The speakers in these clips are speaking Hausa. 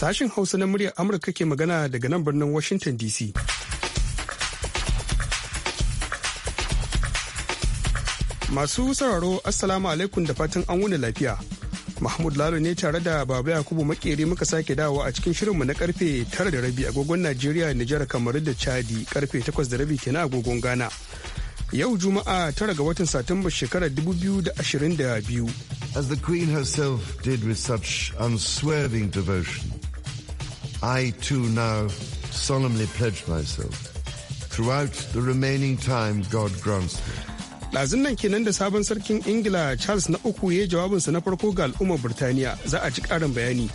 Sashen Hausa na muryar Amurka ke magana daga nan birnin Washington DC. Masu sauraro Assalamu alaikum da fatan an wuni lafiya. Mahmud Lalo ne tare da Baba Yakubu Makeri muka sake dawowa a cikin shirinmu na karfe tara da rabi agogon Najeriya, Nijar, kamar da Chadi karfe 8:30 rabi kenan agogon Ghana. Yau Juma'a tara ga watan Satumba shekarar 2022. As the Queen herself did with such unswerving devotion. I too now solemnly pledge myself throughout the remaining time God grants me. Ɗazun nan kenan da sabon sarkin Ingila Charles na uku ya jawabinsa na farko ga al'ummar Birtaniya za a ji ƙarin bayani.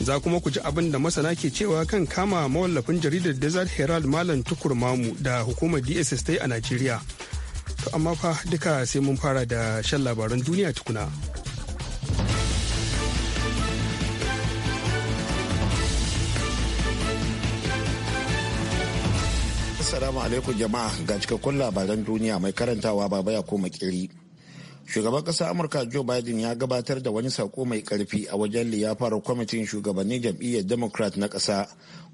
Za kuma ku ji abin da masana ke cewa kan kama mawallafin jaridar Desert Herald Malam Tukur Mamu da hukumar DSS ta a Najeriya. To amma fa duka sai mun fara da shan labaran duniya tukuna. Assalamu alaikum jama'a ga cikakkun labaran duniya mai karantawa baba ya koma kiri. Shugaban ƙasar Amurka Joe Biden ya gabatar da wani sako mai ƙarfi a wajen liyafar kwamitin shugabannin jam'iyyar Democrat na ƙasa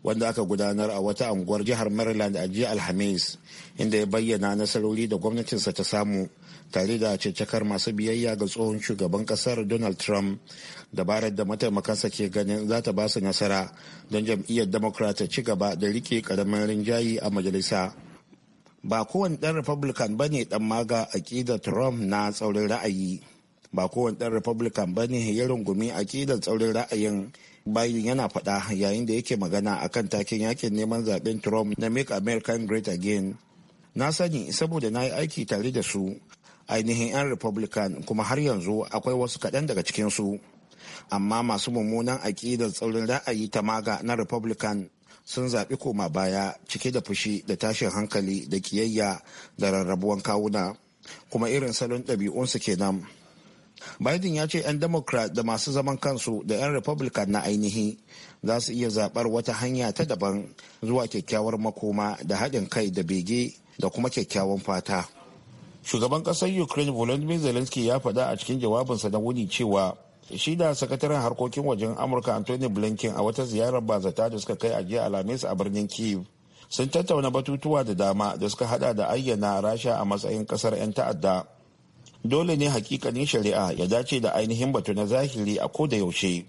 wanda aka gudanar a wata anguwar jihar Maryland a jiya Alhamis inda ya bayyana nasarori da gwamnatinsa ta samu tare da cecekar masu biyayya ga tsohon shugaban kasar donald trump dabarar da mataimakansa ke ganin za ta ba nasara don jam'iyyar democrat ta ci gaba da rike karamin rinjayi a majalisa ba kowane dan republican ba ne dan maga aƙidar trump na tsaurin ra'ayi ba kowane dan republican ba ne ya rungumi aƙidar tsaurin ra'ayin bayan yana faɗa yayin da yake magana akan takin yakin neman zaben trump na make american great again na sani saboda na yi aiki tare da su ainihin 'yan republican kuma har yanzu akwai wasu kaɗan daga cikinsu amma masu mummunan aƙidar tsaurin ra'ayi ta maga na republican sun zaɓi koma baya cike da fushi da tashin hankali da kiyayya da rarrabuwan kawuna kuma irin salon ɗabi'unsu kenan biden ya ce 'yan democrat da masu zaman kansu da 'yan republican na ainihi za su iya zaɓar wata hanya ta daban zuwa kyakkyawar makoma da haɗin kai da bege da kuma kyakkyawan fata. shugaban kasar ukraine volodymyr zelensky ya faɗa a cikin jawabinsa na wuni cewa shi da sakataren harkokin wajen amurka anthony blinken a wata ziyarar bazata da suka kai a jiya alhamis a birnin kiev sun tattauna batutuwa da dama da suka hada da ayyana rasha a matsayin kasar 'yan ta'adda dole ne hakikanin shari'a ya dace da ainihin batu na zahiri a ko da yaushe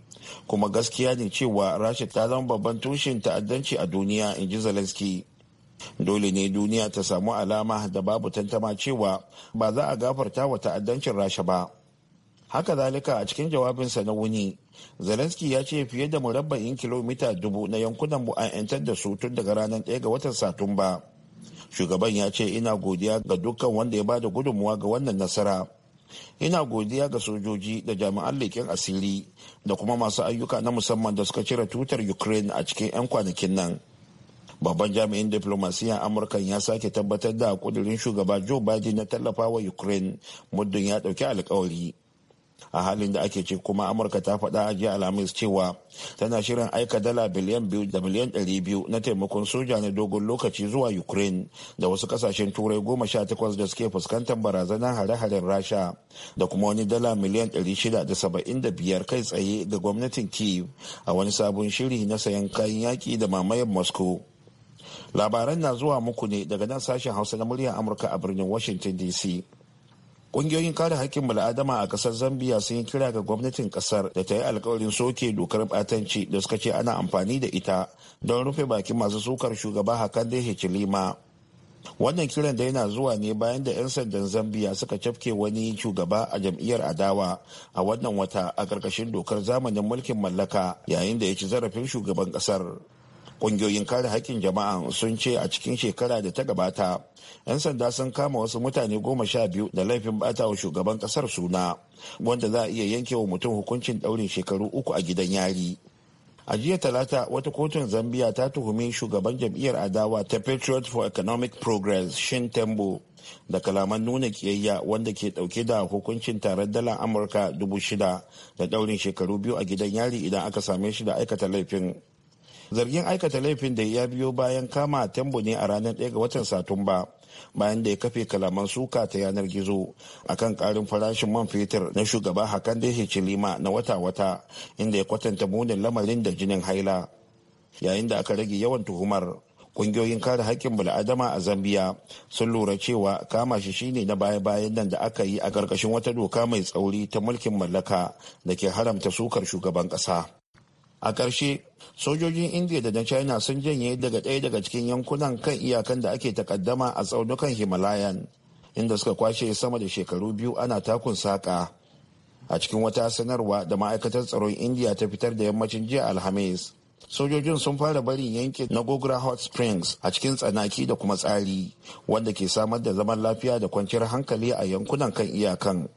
kuma gaskiya ne cewa rasha ta zama babban tushen ta'addanci a duniya in ji zelensky dole ne duniya ta samu alama da babu tantama cewa ba za a gafarta wa ta'addancin rasha ba haka zalika a cikin jawabinsa na wuni zelensky ya ce fiye da murabba'in kilomita dubu na yankunan mu an da su tun daga ranar 1 ga watan satumba shugaban ya ce ina godiya ga dukkan wanda ya bada gudunmuwa ga wannan nasara ina godiya ga sojoji da jami'an leƙen asiri da kuma masu ayyuka na musamman da suka cire tutar ukraine a cikin 'yan kwanakin nan babban jami'in diplomasiyan amurka ya sake tabbatar da kudirin shugaba joe biden na tallafa wa ukraine muddin ya dauki alkawari a halin da ake ce kuma amurka ta faɗa a jiya alhamis cewa tana shirin aika dala biliyan biyu da miliyan ɗari biyu na taimakon soja na dogon lokaci zuwa ukraine da wasu kasashen turai goma sha takwas da suke fuskantar barazanar hare-haren rasha da kuma wani dala miliyan ɗari shida da saba'in da biyar kai tsaye ga gwamnatin kiev a wani sabon shiri na sayan kayan yaƙi da mamayen moscow labaran na zuwa muku ne daga nan sashen hausa na muryar amurka a birnin washington dc Ƙungiyoyin kare haƙƙin bala'adama a ƙasar Zambia sun yi kira ga gwamnatin ƙasar da ta yi alkawarin soke dokar ɓatanci da suka ce ana amfani da ita don rufe bakin masu sukar shugaba hakan ya lima Wannan kiran da yana zuwa ne bayan da 'yan sandan Zambia suka cafke wani shugaba a jam'iyyar adawa a wannan wata a ƙarƙashin dokar zamanin mulkin mallaka yayin da ya ci zarafin shugaban ƙasar. Ƙungiyoyin kare haƙƙin jama'a sun ce a cikin shekara da ta gabata, 'yan sanda sun kama wasu mutane goma sha biyu da laifin bata wa shugaban ƙasar suna, wanda za a iya yanke wa mutum hukuncin ɗaurin shekaru uku a gidan yari. a jiya talata wata kotun zambia ta tuhumi shugaban jam'iyyar adawa ta patriot for economic progress shin tembo da kalaman nuna kiyayya wanda ke dauke da hukuncin tarar dalar amurka dubu shida da daurin shekaru biyu a gidan yari idan aka same shi da aikata laifin zargin aikata laifin da ya biyo bayan kama tembo ne a ranar 1 ga watan satumba bayan da ya kafe kalaman suka ta yanar gizo akan karin farashin man fetur na shugaba hakan da lima na wata-wata inda ya kwatanta munin lamarin da jinin haila yayin da aka rage yawan tuhumar kungiyoyin kare haƙƙin bil'adama a zambia sun lura cewa kama shi shine na baya-bayan nan da aka yi a ƙarƙashin wata doka mai tsauri ta mulkin mallaka da ke haramta sukar shugaban ƙasa a ƙarshe sojojin india da na china sun janye daga ɗaya daga cikin yankunan kan iyakan da ake takaddama a tsaunukan himalayan inda suka kwashe sama da shekaru biyu ana takun saƙa a cikin wata sanarwa da ma'aikatar tsaron india ta fitar da yammacin jiya alhamis sojojin sun fara barin yankin na gogra hot springs a cikin tsanaki da kuma tsari wanda ke samar da zaman lafiya da kwanciyar hankali a yankunan kan iyakan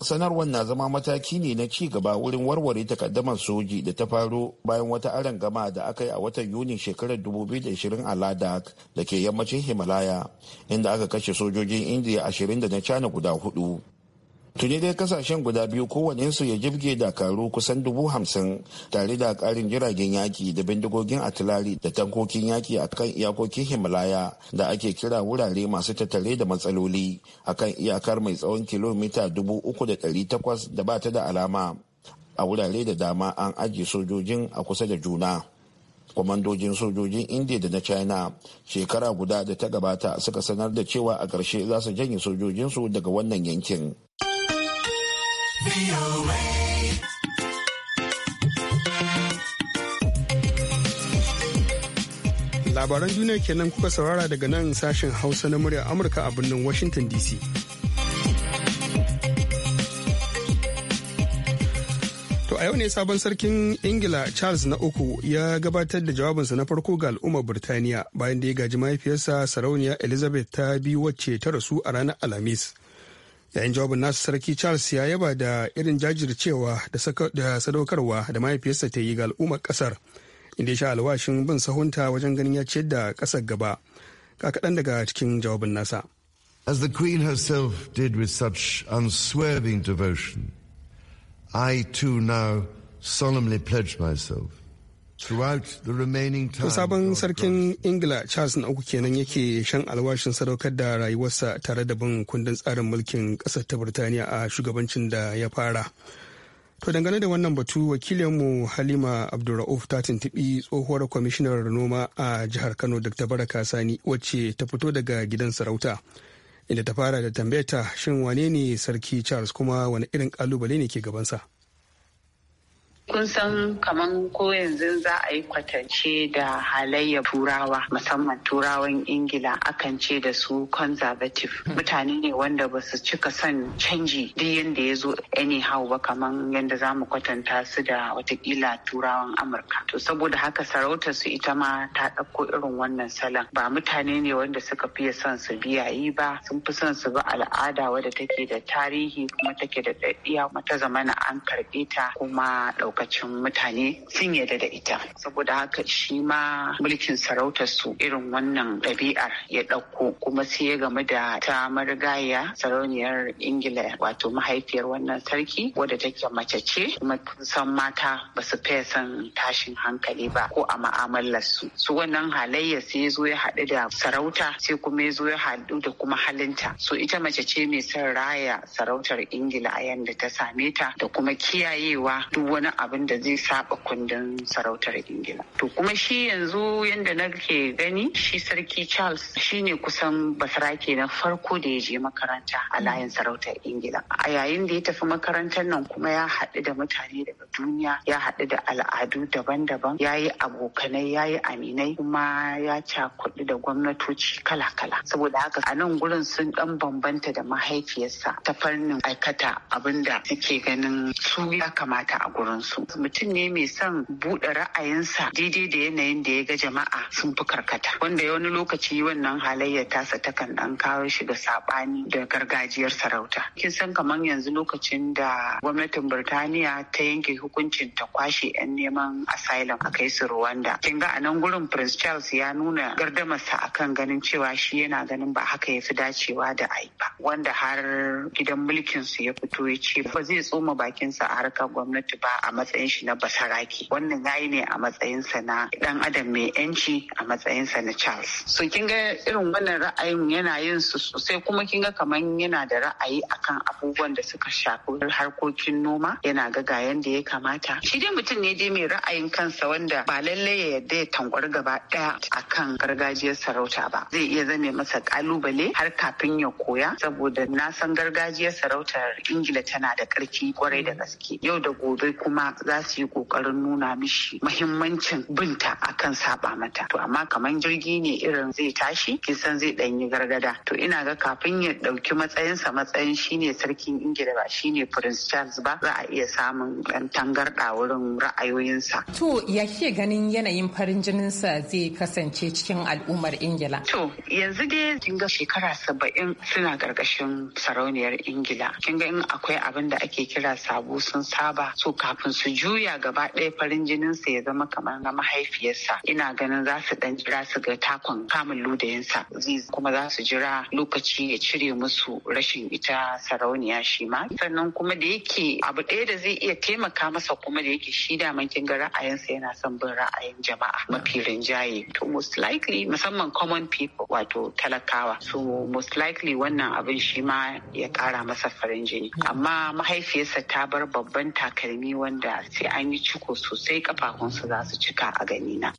sanarwar na zama mataki ne na ci gaba wurin warware takaddamar soji da ta faru bayan wata aron gama da aka yi a watan yuni shekarar 2020 a ladak da ke yammacin himalaya inda aka kashe sojojin indiya ashirin da na cana guda hudu tuni dai kasashen guda biyu su ya jibge dakaru kusan dubu hamsin tare da karin jiragen yaki da bindigogin atilari da tankokin yaki a kan iyakokin himalaya da ake kira wurare masu tattare da matsaloli a kan iyakar mai tsawon kilomita dubu uku da ɗari takwas da ba ta da alama a wurare da dama an ajiye sojojin a kusa da juna kwamandojin sojojin india da na china shekara guda da ta gabata suka sanar da cewa a ƙarshe za su janye sojojinsu daga wannan yankin. Labaran duniya kenan kuka saurara daga nan sashen Hausa na muryar Amurka a birnin Washington DC. To a yau ne sabon sarkin Ingila Charles na uku ya gabatar da jawabinsa na farko ga al'ummar Birtaniya bayan da ya gaji mahaifiyarsa sarauniya Elizabeth ta biyu wacce ta rasu a ranar Alhamis. yayin jawabin nasu sarki charles ya yaba da irin jajircewa da sadaukarwa da mahaifiyarsa ta yi ga al'ummar kasar inda ya sha alwashin bin sahunta wajen ganin ya ce da kasar gaba ka kaɗan daga cikin jawabin nasa as the queen herself did with such unswerving devotion i too now solemnly pledge myself To sabon sarkin Ingila Charles na uku kenan yake shan alwashin sadaukar da rayuwarsa tare da bin kundin tsarin mulkin ƙasar ta Birtaniya a shugabancin da ya fara. To dangane da wannan batu wakilinmu Halima Abdulra'uf ta tuntuɓi tsohuwar kwamishinar noma a jihar Kano Dr. Baraka Sani wacce ta fito daga gidan sarauta. Inda ta fara da tambayata shin wane ne sarki Charles kuma wani irin kalubale ne ke gabansa? kun san kaman ko yanzu za a yi kwatance da halayya turawa musamman turawan ingila akan ce da su conservative hmm. mutane ne wanda ba su cika son canji duk yadda ya zo anyhow ba kaman yadda za mu kwatanta su da watakila turawan amurka to saboda haka sarautar su ita ma ta ɗauko irin wannan salon ba mutane ne wanda suka fiye son su biyayi ba sun fi son su ba al'ada wadda take da tarihi kuma take da ɗaɗɗiya kuma ta zamana an karɓe ta kuma ɗauka lokacin mutane sun yarda da ita saboda haka shi ma mulkin sarautar su irin wannan ɗabi'ar ya ɗauko kuma sai ya game da ta marigaya sarauniyar ingila wato mahaifiyar wannan sarki wadda take mace ce kuma san mata ba su fiye son tashin hankali ba ko a ma'amalar su su wannan halayya sai ya zo ya haɗu da sarauta sai kuma ya zo ya haɗu da kuma halinta so ita mace ce mai son raya sarautar ingila a yanda ta same ta da kuma kiyayewa duk wani abu abin da zai saba kundin sarautar ingila to kuma shi yanzu yadda na ke gani shi sarki charles shi ne kusan basarake na farko da ya je makaranta a layin sarautar ingila a yayin da ya tafi makarantar nan kuma ya haɗu da mutane daga duniya ya haɗu da al'adu daban-daban ya yi abokanai ya yi aminai kuma ya ca kuɗi da gwamnatoci kala-kala saboda haka a nan gurin sun ɗan bambanta da mahaifiyarsa ta fannin aikata abin da suke ganin su ya kamata a gurinsu su mutum ne mai son buɗe ra'ayinsa daidai da yanayin da ya ga jama'a sun fi karkata wanda ya wani lokaci wannan halayyar tasa takan dan kawo shi ga saɓani da gargajiyar sarauta kin san kamar yanzu lokacin da gwamnatin Birtaniya ta yanke hukuncin ta kwashe 'yan neman asylum a kai su Rwanda kin ga a nan gurin Prince Charles ya nuna gardamarsa akan ganin cewa shi yana ganin ba haka ya fi dacewa da ai ba wanda har gidan mulkin su ya fito ya ce ba zai tsoma bakinsa a harkar gwamnati ba a matsayin shi na basaraki wannan yayi ne a matsayin sa na dan adam mai yanci a matsayin sa na charles so kin ga irin wannan ra'ayin yana yin su sosai kuma kin ga kamar yana da ra'ayi akan abubuwan da suka shafi harkokin noma yana ga ga yanda ya kamata shi dai mutum ne dai mai ra'ayin kansa wanda ba lalle ya yadda ya tankwar gaba daya akan gargajiyar sarauta ba zai iya zame masa kalubale har kafin ya koya saboda na san gargajiyar sarautar ingila tana da karfi kwarai da gaske yau da gobe kuma za su yi kokarin nuna mishi mahimmancin binta akan saba mata to amma kamar jirgi ne irin zai tashi kisan zai danyi gargada to ina ga kafin ya dauki matsayinsa matsayin shine sarkin ingila ba shine prince charles ba za a iya samun dan tangarda wurin ra'ayoyinsa to ya ke ganin yanayin farin jinin sa zai kasance cikin al'ummar ingila to yanzu dai kin ga shekara saba'in suna karkashin sarauniyar ingila kin ga in akwai abin da ake kira sabo sun saba so kafin su juya gaba ɗaya farin jininsa ya zama kamar na mahaifiyarsa ina ganin za su dan jira su ga takon kamun ludayinsa kuma za su jira lokaci ya cire musu rashin ita sarauniya shi ma sannan kuma da yake abu ɗaya da zai iya taimaka masa kuma da yake shi da kin ga ra'ayinsa yana son bin ra'ayin jama'a mafi rinjaye to most likely musamman common people wato talakawa so most likely wannan abin shi ma ya kara masa farin jini amma mahaifiyarsa ta bar babban takalmi wanda da sai an yi ciko sosai kafafunsa za su cika a gani na.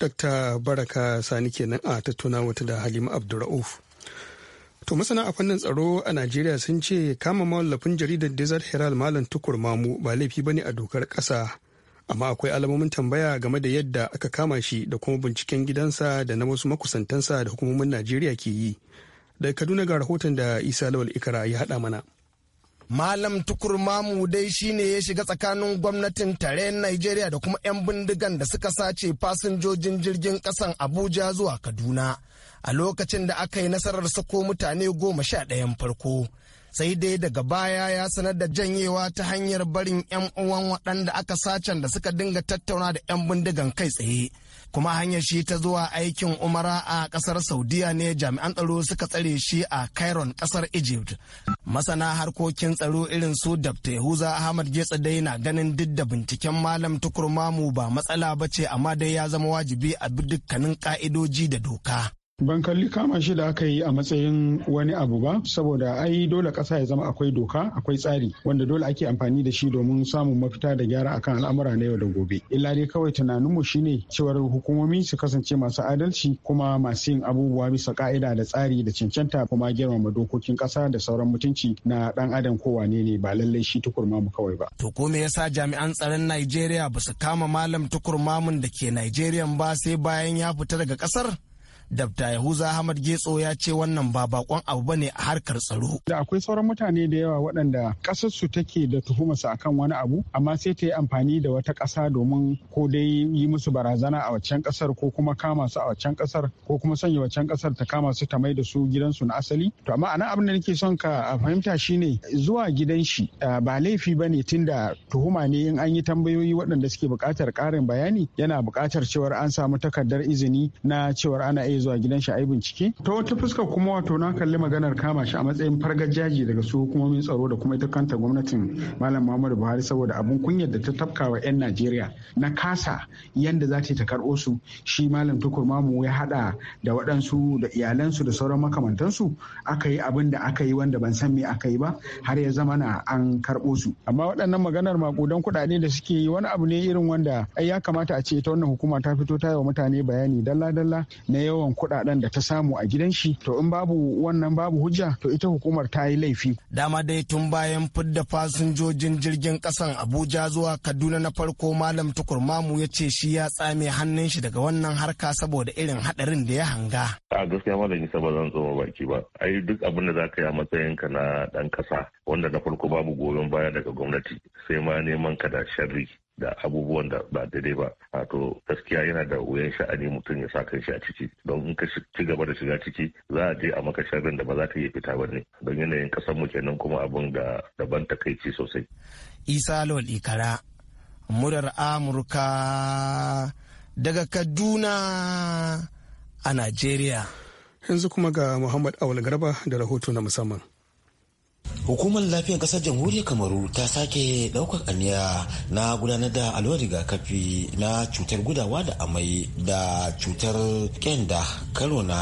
Dr. Baraka Sani kenan a tattuna wata da Halima Abdurra'uf. To masana a fannin tsaro a Najeriya sun ce kama mawallafin jaridar Desert Herald Malam Tukur Mamu ba laifi bane a dokar ƙasa. Amma akwai alamomin tambaya game da yadda aka kama shi da kuma binciken gidansa da na wasu makusantansa da hukumomin Najeriya ke yi. Daga Kaduna ga rahoton da Isa Lawal Ikara ya haɗa mana. Malam Tukur Mamu dai shine ya shiga tsakanin gwamnatin tarayyar Najeriya da kuma 'yan bindigan da suka sace fasinjojin jirgin kasan Abuja zuwa Kaduna a lokacin da aka yi nasarar sako mutane goma sha ɗayan farko. sai dai daga baya ya sanar da janyewa ta hanyar barin 'yan uwan waɗanda aka sacen da suka dinga tattauna da 'yan bindigan kai tsaye kuma hanyar shi ta zuwa aikin umara a kasar saudiya ne jami'an tsaro suka tsare shi a Cairo ƙasar egypt masana harkokin tsaro irin su dabta yahuza ahmad getsa dai na ganin duk da binciken malam tukurmamu ba matsala ba ce amma dai ya zama wajibi a bi dukkanin ka'idoji da doka ban kalli kama shi da aka yi a matsayin wani abu ba saboda ai dole ƙasa ya zama akwai doka akwai tsari wanda dole ake amfani da shi domin samun mafita da gyara akan al'amura na yau da gobe illa dai kawai tunaninmu shine cewar hukumomi su kasance masu adalci kuma masu yin abubuwa bisa ka'ida da tsari da cancanta kuma girmama dokokin ƙasa da sauran mutunci na ɗan adam ko wane ne ba lallai shi mu kawai ba to ko me yasa jami'an tsaron Najeriya ba su kama malam tukurmamun da ke Najeriya ba sai bayan ya fita daga ƙasar Dabta Yahuza Ahmad Getso ya ce wannan ba bakon abu bane a harkar tsaro. Da akwai sauran mutane da yawa waɗanda ƙasar su take da tuhumarsa akan wani abu amma sai ta yi amfani da wata ƙasa domin ko dai yi musu barazana a waccan ƙasar ko kuma kama su a waccan ƙasar ko kuma sanya waccan ƙasar ta kama su ta mai da su gidansu na asali. To amma anan abin da nake son ka fahimta shine zuwa gidan shi ba laifi bane tunda tuhuma ne in an yi tambayoyi waɗanda suke buƙatar ƙarin bayani yana buƙatar cewar an samu takardar izini na cewar ana iya zuwa gidan shi ai bincike ta wata fuska kuma wato na kalli maganar kama shi a matsayin fargajaji daga su hukumomin tsaro da kuma ita kanta gwamnatin malam muhammadu buhari saboda abun kunyar da ta tafka wa 'yan najeriya na kasa yanda za ta karɓo su shi malam tukur mamu ya haɗa da waɗansu da iyalansu da sauran makamantansu aka yi abin da aka yi wanda ban san me aka yi ba har ya zama na an karɓo su amma waɗannan maganar makudan kuɗaɗe da suke yi wani abu ne irin wanda ai ya kamata a ce ta wannan hukuma ta fito ta yi wa mutane bayani dalla-dalla na yawan yawan kuɗaɗen da ta samu a gidan shi to in babu wannan babu hujja to ita hukumar ta yi laifi. Dama dai tun bayan fidda fasinjojin jirgin kasan Abuja zuwa Kaduna na farko Malam tukurmamu ya ce shi ya tsame hannun shi daga wannan harka saboda irin haɗarin da ya hanga. A gaskiya malam Isa ba zan tsoma baki ba. Ai duk abin da za ka yi a matsayin ka na dan kasa wanda na farko babu goyon baya daga gwamnati sai ma neman ka da sharri da abubuwan da ba daidai ba wato gaskiya yana da wuyan sha'ani mutum ya sa kan shi a ciki don in ka ci gaba da shiga ciki za a je a maka sharrin da ba za ka iya fita ba ne don yanayin kasan mu kenan kuma abun da daban takaici sosai isa lawal ikara murar amurka daga kaduna a najeriya yanzu kuma ga muhammad awal garba da rahoto na musamman Hukumar lafiyar kasar jamhuriyar Kamaru ta sake daukar aniya na gudanar da allurar rigakafi na cutar gudawa da amai da cutar kenda karo na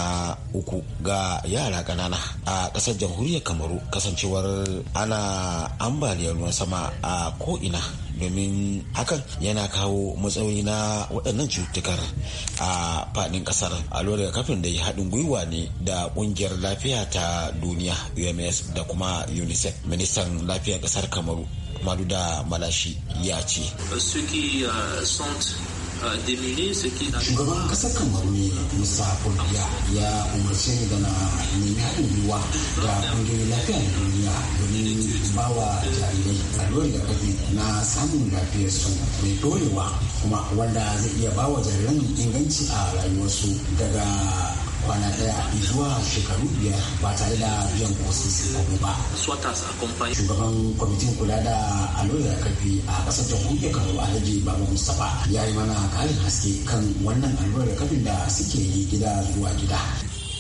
uku ga yara ƙanana a kasar jamhuriyar Kamaru kasancewar ana ambaliyar ruwan sama a ko'ina domin hakan yana kawo matsayi na waɗannan cutukar a faɗin ƙasar a lura kafin da ya haɗin gwiwa ne da ƙungiyar lafiya ta duniya ums da kuma unicef ministan lafiyar ƙasar kamaru da malashi ya ce shugaban kasar kamaru ne musa fulbiya ya umarci da gana nemi haɗin gwiwa da ƙungiyoyin lafiyar duniya domin ba wa jarirai tsaron da kafi na samun lafiyar su mai dorewa kuma wanda zai iya ba wa jariran inganci a rayuwarsu daga kwana daya zuwa shekaru biyar ba tare da biyan ko sisi ba. Shugaban kwamitin kula da aloyar karfi a kasar jamhuriyar Kano Alhaji Baba Mustapha ya yi mana karin haske kan wannan allurar kafin da suke yi gida zuwa gida.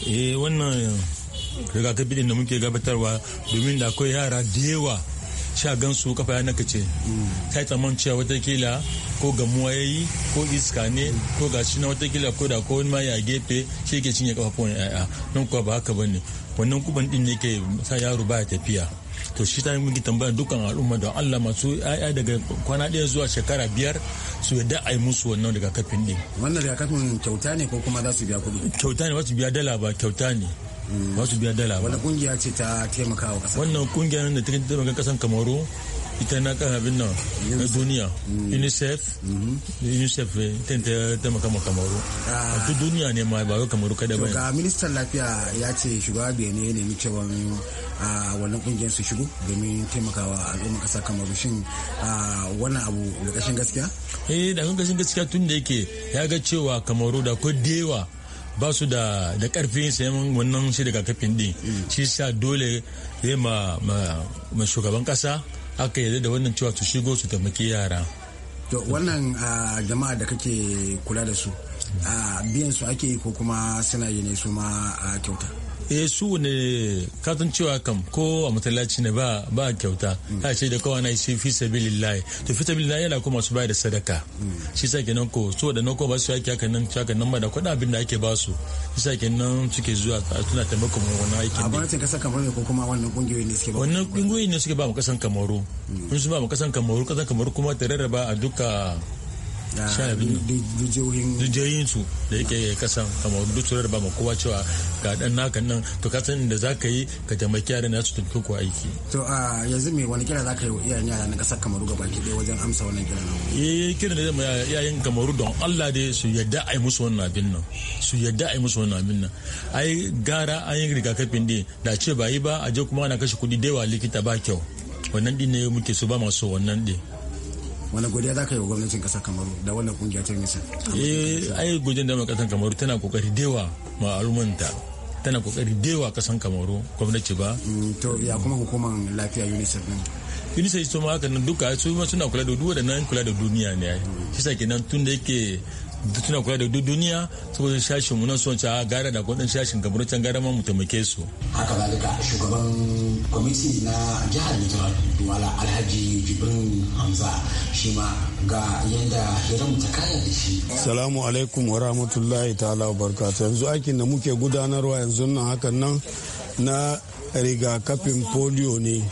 Eh wannan rigakafi da muke gabatarwa domin da akwai yara da yawa sha su kafa ya naka ta yi tsamman cewa watakila ko gamuwa ya yi ko iska ne ko shi na watakila ko da ko wani ma ya gefe shi ke cinye kafafuwan ya'ya nan kuwa ba haka bane wannan kuban din ne ke sa yaro baya tafiya to shi ta muke tambaya dukkan al'umma da Allah masu ya'ya daga kwana ɗaya zuwa shekara biyar su yadda a yi musu wannan rigakafin din wannan rigakafin kyauta ne ko kuma za su biya kuɗi kyauta ne wasu biya dala ba kyauta ne ba su biya dala Wannan wani kungiya ce ta taimaka wa kasa wannan kungiya da ta taimaka kasan kamaru ita na kan abin nan na duniya mm. unicef mm-hmm. unicef eh, ita ta taimaka ma kamaru a ah. duk duniya ne ma ba kamaru kada ba ga ministan lafiya ya ce shugaba bene ne mu cewa a ah, wannan kungiyar su shigo domin taimakawa al'umma kasa kamaru shin ah, wannan abu da kashin gaskiya eh da kashin gaskiya tun da yake ya ga cewa kamaru da ko dewa ba su da da karfin sayan wannan shi daga kafin din shi sa dole ya ma ma shugaban kasa aka yarda da wannan cewa su shigo su taimaki yara to wannan jama'a da kake kula da su biyan su ake yi ko kuma suna yi ne su ma kyauta eh su ne katon cewa kam ko a matsalaci ne ba ba kyauta mm. a ce da kawai na shi fi sabilillahi to fi sabilillahi yana kuma su bayar da sadaka mm. shi sa kenan ko su da nan ko ba su yaki haka nan haka nan ba da kuɗin abin da ake ba su shi sa kenan suke zuwa suna taimakon wannan aikin a gwamnatin kasar kamaru ko kuma wannan kungiyoyi ne suke ba wannan kungiyoyi ne suke ba mu kasan kamaru in mm. su ba mu kasan kamaru kasan kamaru kuma ta rarraba a duka rijiyoyin su da yake kasan kamar duk su ba ma kowa cewa ga dan naka nan to ka san da za ka yi ka taimaki yaran na su tafi ko aiki to a yanzu me wani kira za ka yi wa iyayen yara na kasar kamaru gaba ki dai wajen amsa wannan kira nan eh kira da zama iyayen kamaru don Allah dai su yadda ai musu wannan abin nan su yadda ai musu wannan abin nan ai gara an yi rigakafin din da ce ba yi ba a je kuma ana kashe kudi da yawa likita ba kyau wannan din ne muke so ba masu wannan din wani godiya za ka yi wa gwamnatin kasar kamaru da wannan kungiya ta nisa eh ai gudun da kasar kamaru tana kokari dewa ma al'ummanta tana kokari dewa kasar kamaru gwamnati ba mm, to ya kuma hukumar lafiya unicef din unicef su ma haka nan duka su ma suna kula da da nan kula da duniya ne shi sa kenan tun da yake tuna kula da duk duniya saboda shashin mu nan son ca ah, gara da kudin shashin gabar gara ma mu taimake su haka zalika shugaban kwamiti na jihar Nijar Duwala Alhaji Jibrin Hamza shi ma ga yanda hiran ta kaya da shi salamu alaikum wa rahmatullahi ta'ala wa barakatuh yanzu aikin da muke gudanarwa yanzu nan hakan nan na rigakafin polio ne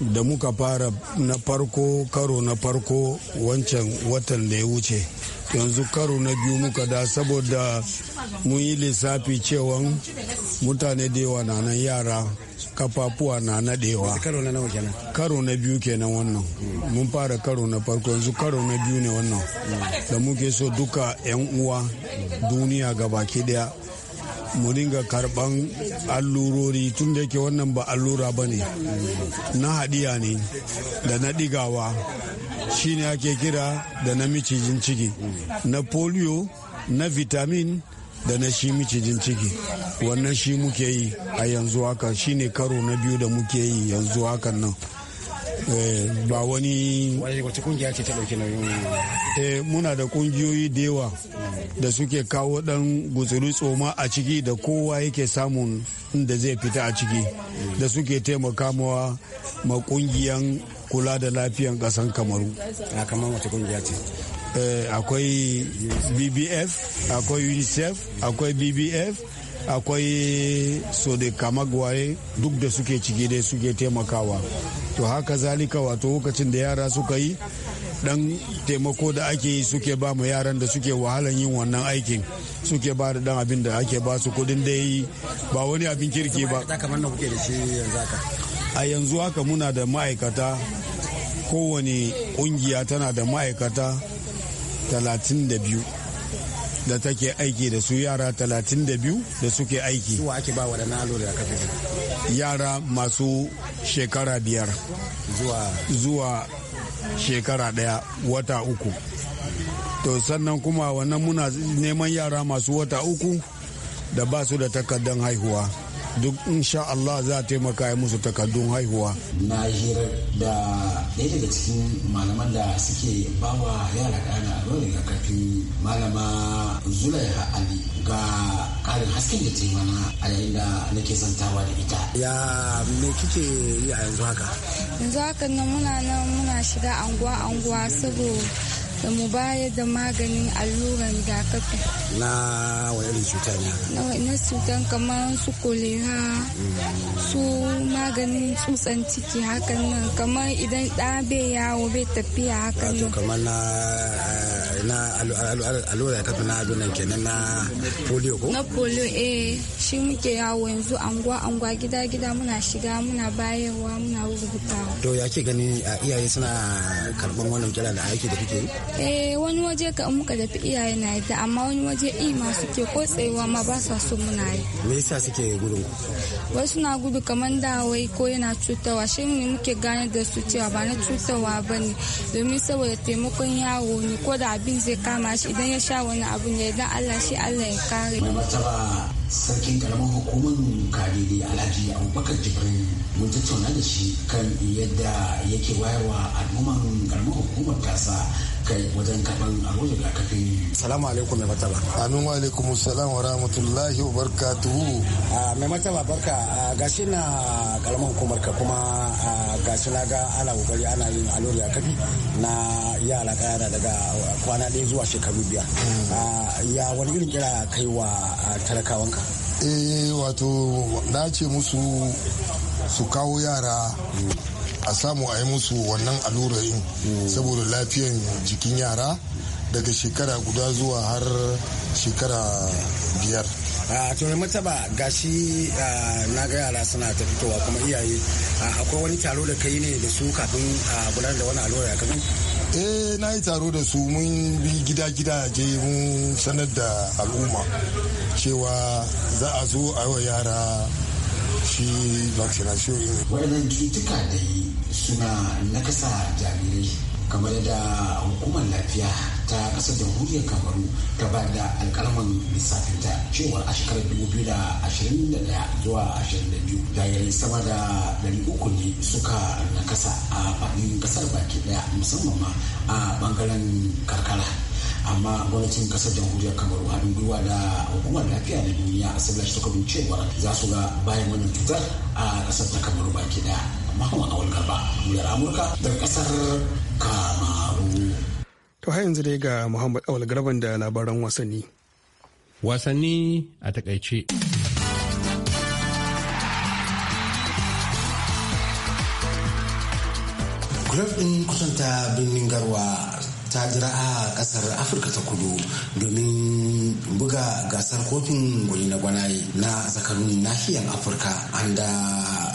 da muka fara na farko karo na farko wancan watan da ya wuce yanzu karo na biyu muka da saboda mun yi lissafi cewa mutane da yawa na nan yara kafafuwa na nadewa karo na biyu kenan wannan mun fara karo na farko yanzu karo na biyu ne wannan da muke so duka 'yan uwa duniya gabaki daya mu karban allurori tun da yake wannan ba allura ba ne na haɗiya ne da na ɗigawa shine ake kira da na micijin ciki na polio na vitamin da na shi micijin ciki wannan shi muke yi a yanzu haka shine karo na biyu da muke yi yanzu hakan nan Eh, ba wani eh, muna da kungiyoyi da yawa da suke kawo dan gutsuri tsoma a ciki da kowa yake samun inda zai fita a ciki da suke taimaka mawa ma kungiyan kula da lafiyan kasan kamaru ah, eh, akwai bbf akwai unicef akwai bbf akwai so da kamagwaye duk da suke ciki dai suke taimakawa to haka zalika wato lokacin da yara suka yi dan taimako da ake yi suke ba mu yaran da suke wahalan yin wannan aikin suke ba da dan abin da ake ba su kudin da yi ba wani abin kirki ba a yanzu haka muna da ma'aikata kowane kungiya tana da ma'aikata 32 da take aiki da su yara 32 da suke aiki suwa ake ba da yara masu shekara biyar zuwa shekara ɗaya wata uku to sannan kuma wannan muna neman yara masu wata uku da ba su da takardar haihuwa duk insha Allah za taimaka ya musu takardun haihuwa. Na hira da ɗaya daga cikin malaman da suke bawa yara ƙana ga kafin malama Zulai Ali ga ƙarin hasken da ta mana a yayin da nake zantawa da ita. Ya me kike yi a yanzu haka? Yanzu haka nan muna nan muna shiga anguwa anguwa saboda da mu bayar da maganin alluran rigakafi. Na wani cuta ne? Na cuta kamar su kolera, su maganin tsutsan ciki hakan nan kamar idan ɗa bai yawo bai tafiya hakan nan. kamar na eh, na alluran rigakafi na nan kenan na polio ko? Na polio eh shi muke yawo yanzu anguwa anguwa gida gida muna shiga muna bayarwa muna rubutawa. To ya ke gani eh, iyaye suna karɓar wannan kira da aiki da kuke yi? eh wani waje ka muka tafi iyaye na yi amma wani waje ima suke ko tsayuwa ma ba sa so muna yi me yasa suke gudun wai suna gudu kamar da wai ko yana cutarwa shi ne muke gane da su cewa ba na cutarwa ba ne domin saboda taimakon yawo ne ko da abin zai kama shi idan ya sha wani abu ne, idan Allah shi Allah ya kare sarkin karamar hukumar kadidi alhaji abubakar jibrin mun tattauna da shi kan yadda yake wayarwa al'umman karamar hukumar kasa kai wajen karban aro rigakafin salamu alaikum mai mataba amin wa alaikum salam wa rahmatullahi wa tuhu. Ah, mai mataba barka ah, gashi na karamar hukumar ka kuma ah, gashi na ga ana kokari ana yin aro rigakafi na yara kayana daga kwana ɗaya zuwa shekaru biyar hmm. ya wani irin kira kai wa talakawan eh wato na ce musu su kawo yara a samu a yi musu wannan in saboda lafiyan jikin yara daga shekara guda zuwa har shekara biyar a turai mataba gashi na ga yara suna ta fitowa kuma iyaye akwai wani taro da kai ne da su kafin a gudanar da wani allurar rigakafin eh na yi taro da su mun bi gida-gida je mun sanar da al'umma cewa za a zo a wa yara shi vaccination waɗannan cutuka da suna nakasa jarirai kamar da hukumar lafiya ta kasar jamhuriyar kamaru ta ba da alkalman ta cewa a shekarar 2021 zuwa 22 jayarai sama da 300 ne suka nakasa a fadin kasar baki daya musamman ma a bangaren karkara amma gwamnatin kasar jamhuriyar kamaru haɗin gwiwa da hukumar lafiya na duniya a sabilashi ta cewa za su ga bayan wannan cutar a kasar ta kamaru baki daya Mahmud Amurka daga kasar Kamaru. To har yanzu dai ga Muhammad Awal Garban da labaran wasanni. Wasanni a takaice. Graf ɗin kusanta birnin Garwa ta jira a kasar afirka ta kudu domin buga gasar kofin gwani na gwanaye na zakarun nahiyar afirka anda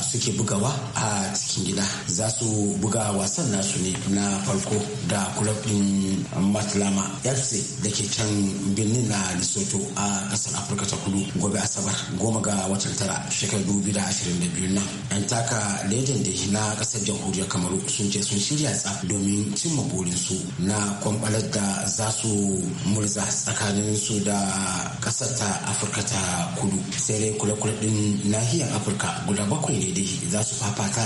suke bugawa a cikin gida za su buga wasan nasu ne na farko da kulafin din matlama fc da ke can birnin na lesotho a kasar afirka ta kudu gobe asabar goma ga watan tara shekaru dubu da ashirin da biyu nan yan taka ledan da na kasar jamhuriyar kamaru sun ce sun shirya tsaf domin cimma burinsu na kwambalar da za su murza tsakanin su da kasar ta afirka ta kudu sai dai kula-kula din nahiyar afirka guda bakwai ne dai za su fafata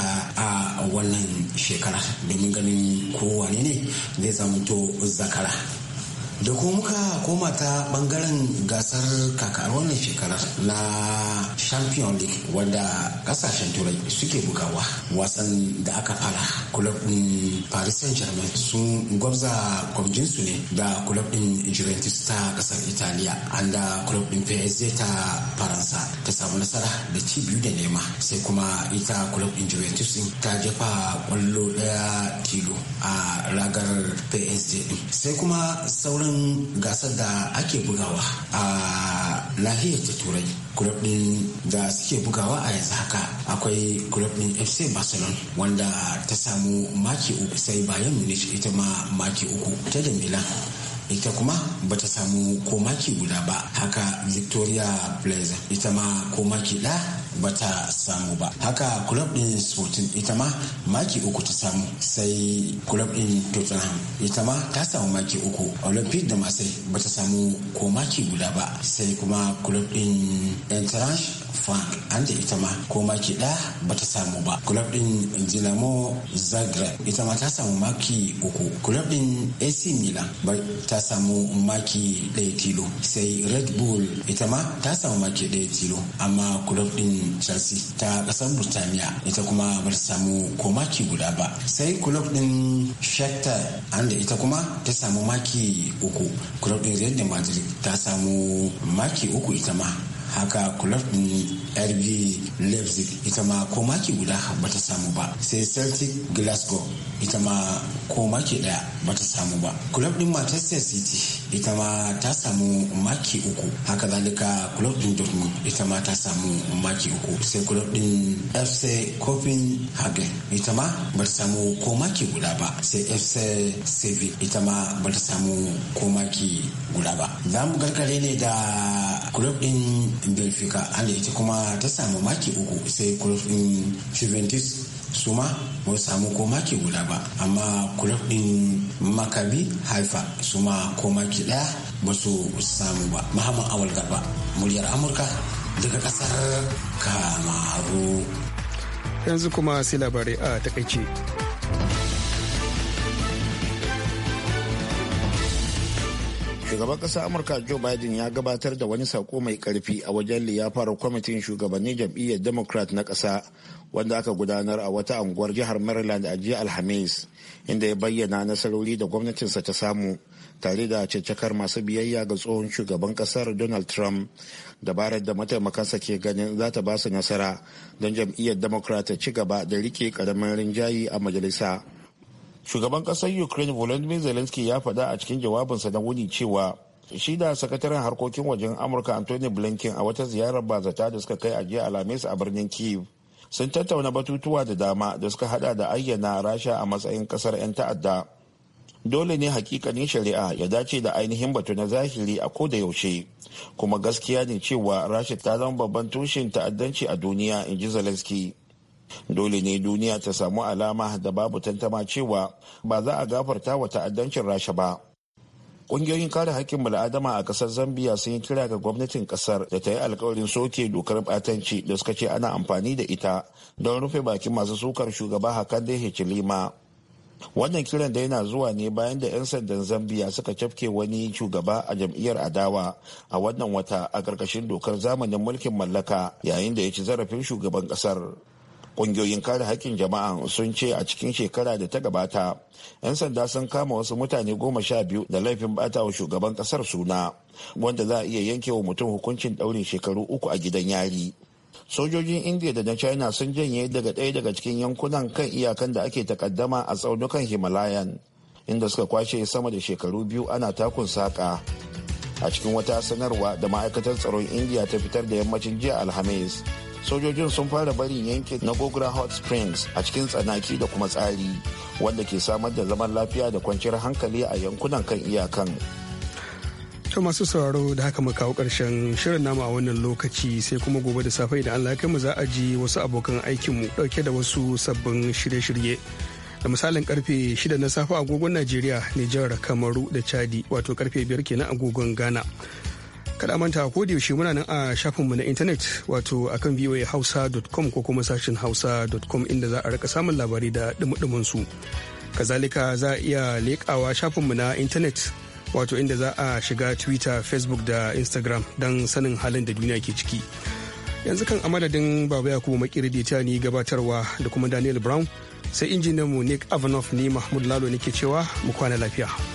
a wannan shekara domin ganin kowane ne zai zamanto zakara da ko muka koma ta bangaren gasar kakar wannan shekarar na champion league wanda kasashen turai suke bugawa wasan da aka fara club din paris saint germain sun gwabza su ne da club din juventus ta kasar italiya an da club din psg ta faransa ta samu nasara da ci biyu da nema sai kuma ita club din juventus ta jefa kwallo daya tilo a ragar psg sai kuma sauran wannan gasar da ake bugawa a lahiyar ta turai club din da suke bugawa a yanzu haka akwai club din fc barcelona wanda ta samu maki uku sai bayan munich ita ma maki uku ta da milan ita kuma ba ta samu komaki guda ba haka victoria blazer ita ma komaki maki ɗaya ba ta samu ba haka kulob din sporting ita ma maki uku ta samu sai kulob din tottenham ita ma ta samu maki uku olympic da masai ta samu ko maki guda ba sai kuma kulob din entourage fa an da ita ma ko maki ɗaya ba ta samu ba club ɗin dinamo zagreb ita ma ta samu maki uku club ɗin ac milan ta samu maki ɗaya tilo sai red bull ita ma ta samu maki ɗaya tilo amma club ɗin chelsea ta ƙasar burtaniya ita kuma ba ta samu ko maki guda ba sai club ɗin shakhtar an ita kuma ta samu maki uku club ɗin real madrid ta samu maki uku ita ma haka kulaf din rb leipzig ita ma ko maki guda ba ta samu ba sai celtic glasgow ita ma ko maki daya ba ta samu ba kulaf din manchester city ita ma ta samu maki uku haka zalika kulaf din dortmund ita ma ta samu maki uku sai kulaf din fc copenhagen ita ma ba ta samu ko maki guda ba sai fc sevi ita ma ba ta samu ko maki guda ba za mu gargare ne da kulaf din benfica hada ita kuma ta samu maki uku sai kulub din juventus su ma ba samu ko maki guda ba amma kulob din makabi haifa su ma ko maki daya ba su samu ba muhammad awal garba muryar amurka daga kasar kamaru yanzu kuma sai labarai a takaice shugaban ƙasar amurka joe biden ya gabatar da wani sako mai karfi a wajen liyafar kwamitin shugabannin jam'iyyar democrat na ƙasa wanda aka gudanar a wata anguwar jihar maryland a jiya alhamis inda ya bayyana nasarori da gwamnatinsa ta samu tare da cancakar masu biyayya ga tsohon shugaban kasar donald trump dabarar da mataimakansa ke ganin za ta ba su nasara don jam'iyyar democrat ta ci gaba da rike ƙaramin rinjayi a majalisa shugaban kasar ukraine volodymyr zelensky ya faɗa a cikin jawabinsa na wuni cewa shi da sakataren harkokin wajen amurka anthony blinken a wata ziyarar bazata da suka kai a jiya alhamis a birnin kiev sun tattauna batutuwa da dama da suka hada da ayyana rasha a matsayin kasar 'yan ta'adda dole ne hakikanin shari'a ya dace da ainihin batu na zahiri a ko yaushe kuma gaskiya ne cewa rasha ta zama babban tushen ta'addanci a duniya in ji zelensky dole ne duniya ta samu alama da babu tantama cewa ba za a gafarta wa ta'addancin rasha ba Ƙungiyoyin kare haƙƙin bala'adama a ƙasar Zambiya sun yi kira ga gwamnatin ƙasar da ta yi alkawarin soke dokar ɓatanci da suka ce ana amfani da ita don rufe bakin masu sukar shugaba hakan ya lima Wannan kiran da yana zuwa ne bayan da 'yan sandan Zambiya suka cafke wani shugaba a jam'iyyar adawa a wannan wata a ƙarƙashin dokar zamanin mulkin mallaka yayin da ya ci zarafin shugaban ƙasar. Ƙungiyoyin kare hakkin jama'a sun ce a cikin shekara da ta gabata, 'yan sanda sun kama wasu mutane goma sha biyu da laifin bata wa shugaban kasar suna, wanda za a iya yanke wa mutum hukuncin ɗaurin shekaru uku a gidan yari. Sojojin India da na China sun janye daga ɗaya daga cikin yankunan kan iyakan da ake takaddama a tsaunukan Himalayan, inda suka kwashe sama da shekaru biyu ana takun saƙa. a cikin wata sanarwa da ma'aikatar tsaron india ta fitar da yammacin jiya alhamis sojojin sun fara barin yankin na gogra hot springs a cikin tsanaki da kuma tsari wanda ke samar da zaman lafiya da kwanciyar hankali a yankunan kan iyakan to masu sauraro da haka mu kawo karshen shirin namu a wannan lokaci sai kuma gobe da safe idan Allah ya mu za a ji wasu abokan aikin mu dauke da wasu sabbin shirye-shirye da misalin karfe 6 na safe agogon Najeriya, Nijar, Kamaru da Chadi wato karfe 5 kenan agogon Ghana. kada manta ko da yaushe muna nan a shafin mu na intanet wato akan voahausa.com ko kuma sashin hausa.com inda za a rika samun labarai da dumudumin su kazalika za a iya lekawa shafin mu na intanet wato inda za a shiga twitter facebook da instagram don sanin halin da duniya ke ciki yanzu kan a madadin baba yakubu makiri da ni gabatarwa da kuma daniel brown sai mu nick avanoff ni mahmud lalo nake cewa mu kwana lafiya